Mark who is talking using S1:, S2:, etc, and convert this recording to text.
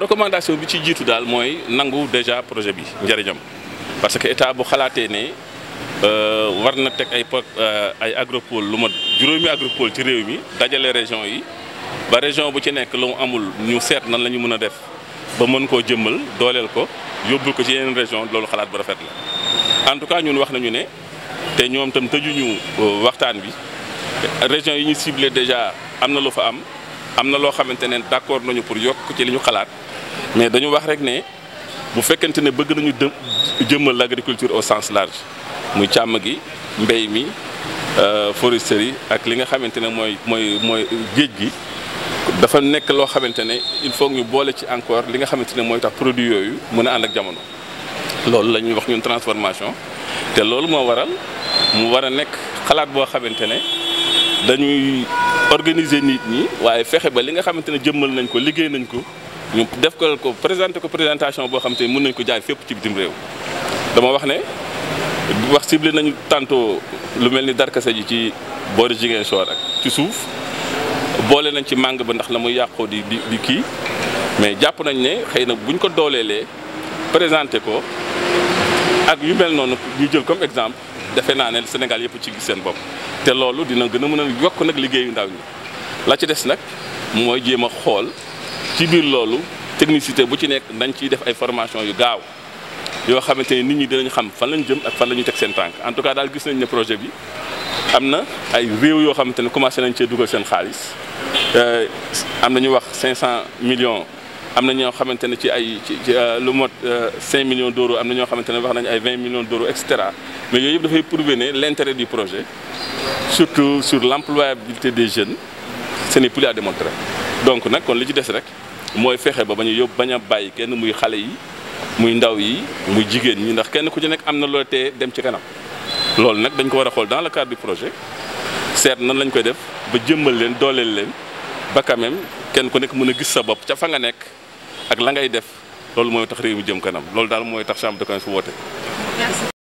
S1: waaw bi ci jiitu daal mooy nangu déjà projet bi njëriñam parce que état bu xalaatee ne euh, war na teg ay euh, ay agropole lu ma juróomi agropole ci réew mi dajale région yi ba région bu ci nekk lu amul ñu seet nan la ñu mën a def ba mën koo jëmmal dooleel ko yóbbul ko ci yeneen région loolu xalaat bu rafet la en tout cas ñun wax nañu ne te ñoom tam tëjuñu euh, waxtaan bi région yi ñu ciblé déjà am na lu fa am am na loo xamante ne d'accord nañu pour yokk ci li ñu xalaat mais dañu wax rek ne bu fekkente ne bëgg nañu dë jëmmal l'agriculture au sens large muy càmm gi mbéy mi euh, foresterie ak li nga xamante ne mooy mooy mooy géej gi dafa nekk loo xamante ne il faut ñu boole ci encore li nga xamante ne mooy tax produit yooyu mën a ànd ak jamono loolu la ñuy wax ñun transformation te loolu moo waral mu war a nekk xalaat boo xamante ne dañuy organiser nit ñi waaye fexe ba li nga xamante ne jëmmal nañ ko liggéey nañ ko ñu def ko ko présenté ko présentation boo xam te ni mën nañ ko jaar fépp ci bitim réew dama wax ne wax ciblé nañu tantôt lu mel ni darkase ji ci boori Ziguinchor ak ci suuf boole nañ ci màng ba ndax la muy yàqoo di di di kii mais jàpp nañ ne xëy na buñ ko dooleelee présenter ko ak yu mel noonu ñu jël comme exemple defe naa ne Sénégal yëpp ci gis seen bopp te loolu dina gën a mën a yokk nag liggéeyu ndaw ñi la ci des nag mooy jéem a xool ci biir loolu technicité bu ci nekk dañ ciy def ay formation yu gaaw yoo xamante ni nit ñi dinañ xam fan lañ jëm ak fan la ñu teg seen tànk en tout cas daal gis nañ ne projet bi am na ay réew yoo xamante ne commencé nañ cee dugal seen xaalis euh, am na ñu wax 500 millions. am na ñoo xamante ne ci ay ci euh, lu mot 5 euh, millions d'euros am na ñoo xamante ne wax nañu ay 20 millions d'euros et cetera mais yooyu yëpp dafay prouver ne l'intérêt du projet surtout sur l'employabilité des jeunes ce n'est plus à démontrer donc nag kon li ci des rek mooy fexe ba ba ñu yóbbu bañ a bàyyi kenn muy xale yi muy ndaw yi muy jigéen ñi ndax kenn ku ci nekk am na loo tee dem ci kanam loolu nag dañ ko war a xool dans le cadre du projet seet nan lañ koy def ba jëmmal leen dooleel leen ba quand kenn ku nekk mën a gis sa bopp ca fa nga nekk ak la ngay def loolu mooy tax réew mi jëm kanam loolu daal mooy tax chambre de commerce bu